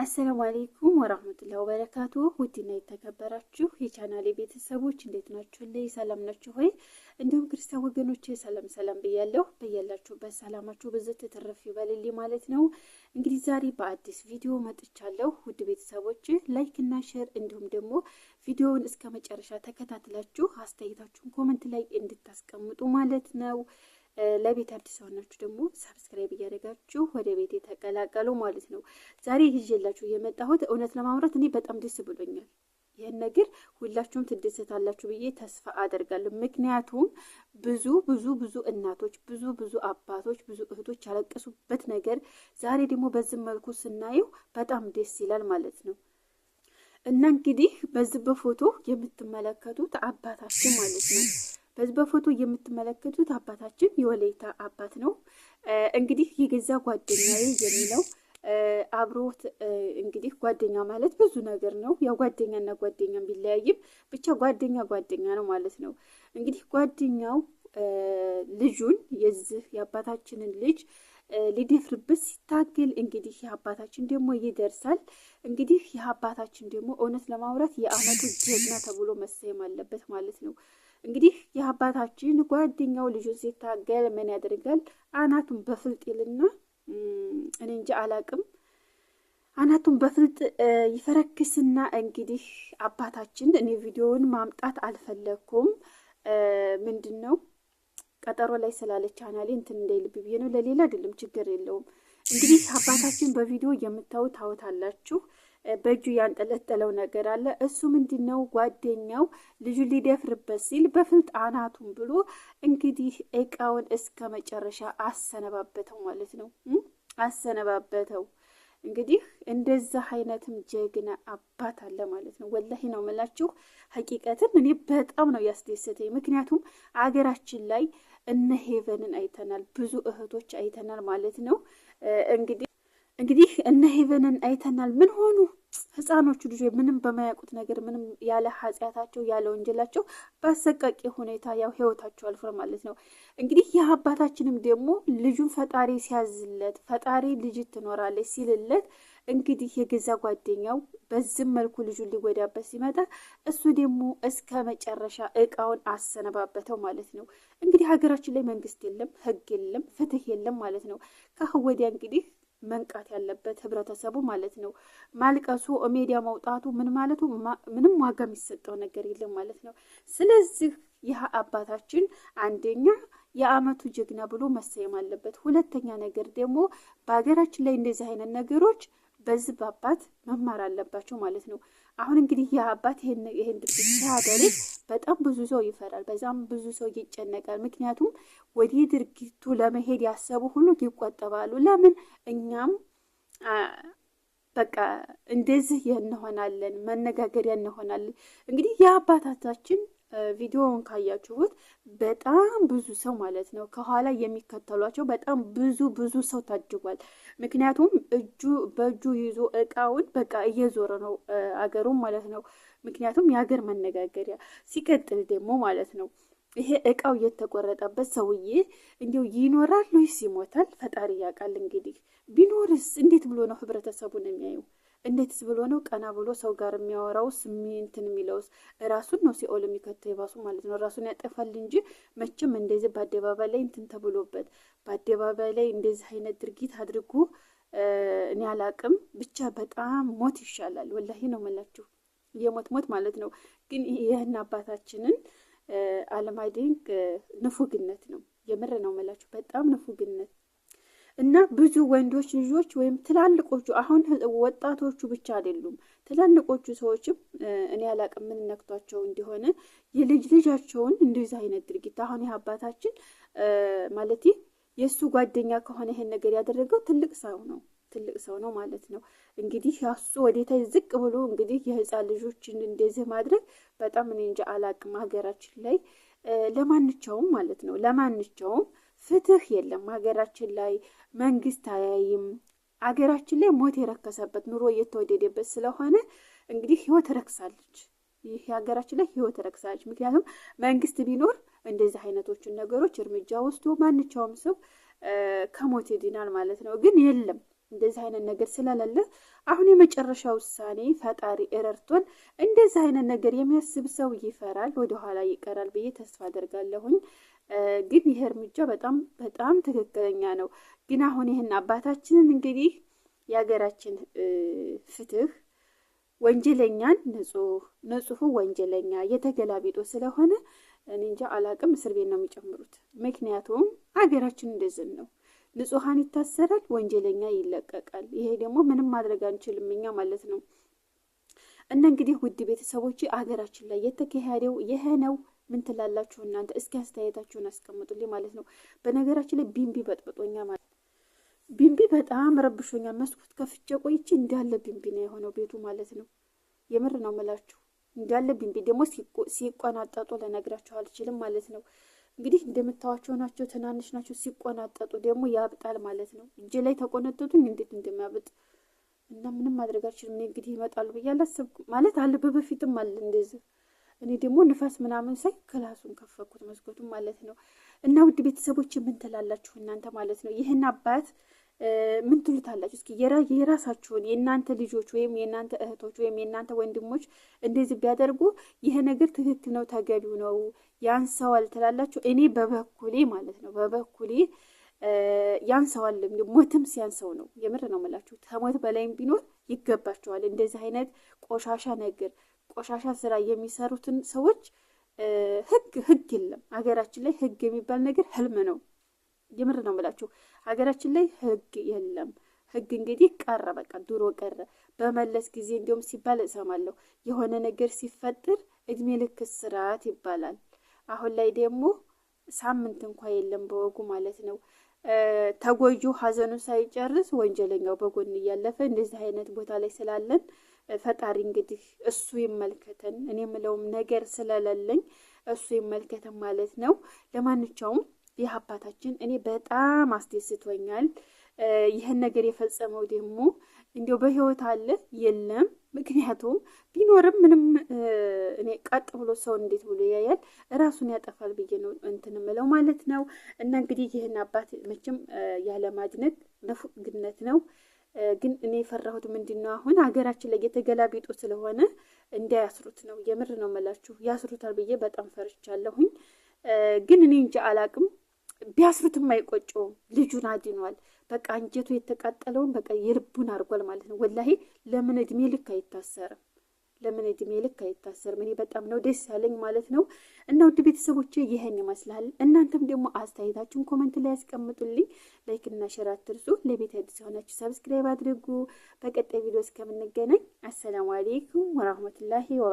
አሰላሙ አሌይኩም ወራህመቱላሂ ወበረካቱ። ውድና የተከበራችሁ የቻናሌ ቤተሰቦች እንዴት ናችሁ? ላይ ሰላም ናችሁ ሆይ? እንዲሁም ክርስቲያን ወገኖች ሰላም ሰላም ብያለሁ። በያላችሁበት ሰላማችሁ ብዝት ትርፍ ይበልልኝ ማለት ነው። እንግዲህ ዛሬ በአዲስ ቪዲዮ መጥቻለሁ። ውድ ቤተሰቦች ላይክ እና ሼር እንዲሁም ደግሞ ቪዲዮውን እስከ መጨረሻ ተከታትላችሁ አስተያየታችሁን ኮመንት ላይ እንድታስቀምጡ ማለት ነው። ለቤት አዲስ ሆናችሁ ደግሞ ሰብስክራይብ እያደረጋችሁ ወደ ቤት የተቀላቀሉ ማለት ነው። ዛሬ ይዤላችሁ የመጣሁት እውነት ለማምራት እኔ በጣም ደስ ብሎኛል። ይህን ነገር ሁላችሁም ትደሰታላችሁ ብዬ ተስፋ አደርጋለሁ። ምክንያቱም ብዙ ብዙ ብዙ እናቶች፣ ብዙ ብዙ አባቶች፣ ብዙ እህቶች ያለቀሱበት ነገር ዛሬ ደግሞ በዚህ መልኩ ስናየው በጣም ደስ ይላል ማለት ነው። እና እንግዲህ በዚህ በፎቶ የምትመለከቱት አባታችን ማለት ነው በዚህ በፎቶ የምትመለከቱት አባታችን የወላይታ አባት ነው። እንግዲህ የገዛ ጓደኛዬ የሚለው አብሮት እንግዲህ ጓደኛ ማለት ብዙ ነገር ነው። ያው ጓደኛና ጓደኛ ቢለያይም ብቻ ጓደኛ ጓደኛ ነው ማለት ነው። እንግዲህ ጓደኛው ልጁን የዚህ የአባታችንን ልጅ ሊደፍርበት ሲታገል እንግዲህ የአባታችን ደግሞ ይደርሳል። እንግዲህ የአባታችን ደግሞ እውነት ለማውራት የአመቱ ጀግና ተብሎ መሰየም አለበት ማለት ነው። እንግዲህ የአባታችን ጓደኛው ልጁ ሲታገል ምን ያደርጋል? አናቱን በፍልጥ ይልና እኔ እንጂ አላቅም። አናቱን በፍልጥ ይፈረክስና እንግዲህ አባታችን እኔ ቪዲዮውን ማምጣት አልፈለግኩም፣ ምንድን ነው ቀጠሮ ላይ ስላለች አናሌ እንትን እንዳይልብ ብዬ ነው፣ ለሌላ አይደለም፣ ችግር የለውም እንግዲህ አባታችን በቪዲዮ የምታዩ ታወታላችሁ። በእጁ ያንጠለጠለው ነገር አለ። እሱ ምንድን ነው? ጓደኛው ልጁ ሊደፍርበት ሲል በፍልጣናቱም ብሎ እንግዲህ እቃውን እስከ መጨረሻ አሰነባበተው ማለት ነው። አሰነባበተው። እንግዲህ እንደዛ አይነትም ጀግና አባት አለ ማለት ነው። ወላሂ ነው የምላችሁ ሀቂቀትን እኔ በጣም ነው ያስደሰተኝ። ምክንያቱም አገራችን ላይ እነ ሄቨንን አይተናል፣ ብዙ እህቶች አይተናል ማለት ነው እንግዲህ እንግዲህ እነ ሄቨንን አይተናል። ምን ሆኑ ህፃኖቹ ልጆች ምንም በማያውቁት ነገር ምንም ያለ ኃጢአታቸው ያለ ወንጀላቸው በአሰቃቂ ሁኔታ ያው ህይወታቸው አልፎ ማለት ነው። እንግዲህ የአባታችንም ደግሞ ልጁን ፈጣሪ ሲያዝለት ፈጣሪ ልጅ ትኖራለች ሲልለት እንግዲህ የገዛ ጓደኛው በዝም መልኩ ልጁን ሊጎዳበት ሲመጣ እሱ ደግሞ እስከ መጨረሻ እቃውን አሰነባበተው ማለት ነው። እንግዲህ ሀገራችን ላይ መንግስት የለም፣ ህግ የለም፣ ፍትህ የለም ማለት ነው። ከአሁን ወዲያ እንግዲህ መንቃት ያለበት ህብረተሰቡ ማለት ነው። ማልቀሱ፣ ሜዲያ መውጣቱ ምን ማለቱ ምንም ዋጋ የሚሰጠው ነገር የለም ማለት ነው። ስለዚህ ይህ አባታችን አንደኛ የአመቱ ጀግና ብሎ መሰየም አለበት። ሁለተኛ ነገር ደግሞ በሀገራችን ላይ እንደዚህ አይነት ነገሮች በዚህ በአባት መማር አለባቸው ማለት ነው። አሁን እንግዲህ የአባት አባት ይህን ድርጊት ሲያደርግ በጣም ብዙ ሰው ይፈራል፣ በዛም ብዙ ሰው ይጨነቃል። ምክንያቱም ወዲህ ድርጊቱ ለመሄድ ያሰቡ ሁሉ ይቆጠባሉ። ለምን እኛም በቃ እንደዚህ እንሆናለን፣ መነጋገሪያ እንሆናለን። እንግዲህ የአባታታችን ቪዲዮውን ካያችሁት በጣም ብዙ ሰው ማለት ነው ከኋላ የሚከተሏቸው በጣም ብዙ ብዙ ሰው ታጅቧል። ምክንያቱም እጁ በእጁ ይዞ እቃውን በቃ እየዞረ ነው አገሩም ማለት ነው። ምክንያቱም የሀገር መነጋገሪያ ሲቀጥል ደግሞ ማለት ነው ይሄ እቃው የተቆረጠበት ሰውዬ እንዲው ይኖራል ወይስ ይሞታል? ፈጣሪ ያውቃል። እንግዲህ ቢኖርስ እንዴት ብሎ ነው ህብረተሰቡን የሚያየው? እንዴትስ ብሎ ነው ቀና ብሎ ሰው ጋር የሚያወራው ስሚንትን የሚለውስ? ራሱን ነው ሲኦል የሚከተው የባሱ ማለት ነው። ራሱን ያጠፋል እንጂ መቼም እንደዚህ በአደባባይ ላይ እንትን ተብሎበት በአደባባይ ላይ እንደዚህ አይነት ድርጊት አድርጉ እኔ አላቅም። ብቻ በጣም ሞት ይሻላል። ወላሂ ነው የምላችሁ የሞት ሞት ማለት ነው። ግን ይህን አባታችንን አለማደንቅ ንፉግነት ነው። የምር ነው የምላችሁ በጣም ንፉግነት እና ብዙ ወንዶች ልጆች ወይም ትላልቆቹ አሁን ወጣቶቹ ብቻ አይደሉም፣ ትላልቆቹ ሰዎችም እኔ አላቅም ምን ነክቷቸው እንዲሆነ የልጅ ልጃቸውን እንደዚህ አይነት ድርጊት አሁን ይህ አባታችን ማለት የእሱ ጓደኛ ከሆነ ይሄን ነገር ያደረገው ትልቅ ሰው ነው ትልቅ ሰው ነው ማለት ነው። እንግዲህ ያሱ ወዴታ ዝቅ ብሎ እንግዲህ የህፃን ልጆችን እንደዚህ ማድረግ በጣም እኔ እንጃ አላቅም ሀገራችን ላይ ለማንቸውም ማለት ነው ለማንቸውም ፍትህ የለም ሀገራችን ላይ። መንግስት አያይም። ሀገራችን ላይ ሞት የረከሰበት ኑሮ እየተወደደበት ስለሆነ እንግዲህ ህይወት ረክሳለች። ይህ ሀገራችን ላይ ህይወት ረክሳለች። ምክንያቱም መንግስት ቢኖር እንደዚህ አይነቶችን ነገሮች እርምጃ ወስዶ ማንቻውም ሰው ከሞት ይድናል ማለት ነው። ግን የለም እንደዚህ አይነት ነገር ስለሌለ አሁን የመጨረሻ ውሳኔ ፈጣሪ እረርቶን እንደዚህ አይነት ነገር የሚያስብ ሰው ይፈራል፣ ወደኋላ ይቀራል ብዬ ተስፋ አደርጋለሁኝ። ግን ይሄ እርምጃ በጣም በጣም ትክክለኛ ነው። ግን አሁን ይህን አባታችንን እንግዲህ የሀገራችን ፍትህ ወንጀለኛን ንጹህ ንጹሁ ወንጀለኛ የተገላቢጦ ስለሆነ እንጃ አላቅም፣ እስር ቤት ነው የሚጨምሩት። ምክንያቱም ሀገራችን እንደዝን ነው፣ ንጹሀን ይታሰራል፣ ወንጀለኛ ይለቀቃል። ይሄ ደግሞ ምንም ማድረግ አንችልም እኛ ማለት ነው። እና እንግዲህ ውድ ቤተሰቦች ሀገራችን ላይ የተካሄደው ይሄ ነው። ምን ትላላችሁ እናንተ? እስኪ አስተያየታችሁን አስቀምጡልኝ ማለት ነው። በነገራችን ላይ ቢንቢ በጥብጦኛ ማለት ቢንቢ በጣም ረብሾኛል። መስኮት ከፍቼ ቆይቼ እንዳለ ቢንቢ ነው የሆነው ቤቱ ማለት ነው። የምር ነው ምላችሁ እንዳለ ቢንቢ ደግሞ ሲቆናጠጡ ለነግራችሁ አልችልም ማለት ነው። እንግዲህ እንደምታዋቸው ናቸው፣ ትናንሽ ናቸው። ሲቆናጠጡ ደግሞ ያብጣል ማለት ነው። እጅ ላይ ተቆነጠጡኝ እንዴት እንደሚያብጥ እና ምንም ማድረግ አልችልም። እንግዲህ ይመጣሉ ብዬ አላሰብኩም ማለት አለ በበፊትም አለ እንደዚህ እኔ ደግሞ ንፋስ ምናምን ሳይ ክላሱን ከፈኩት መስኮቱን ማለት ነው። እና ውድ ቤተሰቦች ምን ትላላችሁ እናንተ ማለት ነው? ይህን አባት ምን ትሉታላችሁ? እስኪ የራሳችሁን የእናንተ ልጆች ወይም የእናንተ እህቶች ወይም የእናንተ ወንድሞች እንደዚህ ቢያደርጉ ይህ ነገር ትክክል ነው፣ ተገቢው ነው፣ ያንሰዋል ትላላችሁ? እኔ በበኩሌ ማለት ነው በበኩሌ ያንሰዋል ሞትም ሲያንሰው ነው። የምር ነው የምላችሁ። ከሞት በላይም ቢኖር ይገባቸዋል። እንደዚህ አይነት ቆሻሻ ነገር ቆሻሻ ስራ የሚሰሩትን ሰዎች ህግ ህግ የለም። ሀገራችን ላይ ህግ የሚባል ነገር ህልም ነው። የምር ነው ምላችሁ ሀገራችን ላይ ህግ የለም። ህግ እንግዲህ ቀረ፣ በቃ ድሮ ቀረ። በመለስ ጊዜ እንዲሁም ሲባል እሰማለሁ። የሆነ ነገር ሲፈጥር እድሜ ልክ ስርዓት ይባላል። አሁን ላይ ደግሞ ሳምንት እንኳ የለም በወጉ ማለት ነው። ተጎጂው ሀዘኑን ሳይጨርስ ወንጀለኛው በጎን እያለፈ እንደዚህ አይነት ቦታ ላይ ስላለን ፈጣሪ እንግዲህ እሱ ይመልከተን። እኔ የምለውም ነገር ስለሌለኝ እሱ ይመልከተን ማለት ነው። ለማንኛውም ይህ አባታችን እኔ በጣም አስደስቶኛል። ይህን ነገር የፈጸመው ደግሞ እንዲው በህይወት አለ የለም። ምክንያቱም ቢኖርም ምንም እኔ ቀጥ ብሎ ሰው እንዴት ብሎ ያያል እራሱን ያጠፋል ብዬ ነው እንትን ምለው ማለት ነው። እና እንግዲህ ይህን አባት መቼም ያለ ማድነቅ ነው። ግን እኔ የፈራሁት ምንድን ነው አሁን ሀገራችን ላይ የተገላቢጡ ስለሆነ እንዳያስሩት ነው። የምር ነው መላችሁ ያስሩታል ብዬ በጣም ፈርቻለሁኝ። ግን እኔ እንጂ አላቅም ቢያስሩትም አይቆጨውም። ልጁን አድኗል። በቃ እንጀቱ የተቃጠለውን በቃ የልቡን አድርጓል ማለት ነው። ወላሄ ለምን እድሜ ልክ አይታሰርም? ለምን እድሜ ልክ አይታሰርም? እኔ በጣም ነው ደስ ያለኝ ማለት ነው። እና ውድ ቤተሰቦች ይህን ይመስላል። እናንተም ደግሞ አስተያየታችሁን ኮመንት ላይ ያስቀምጡልኝ። ላይክ እና ሸር አትርሱ። ለቤት አዲስ የሆናችሁ ሰብስክራይብ አድርጉ። በቀጣይ ቪዲዮ እስከምንገናኝ አሰላሙ አሌይኩም ወራህመቱላሂ ወበረካቱ።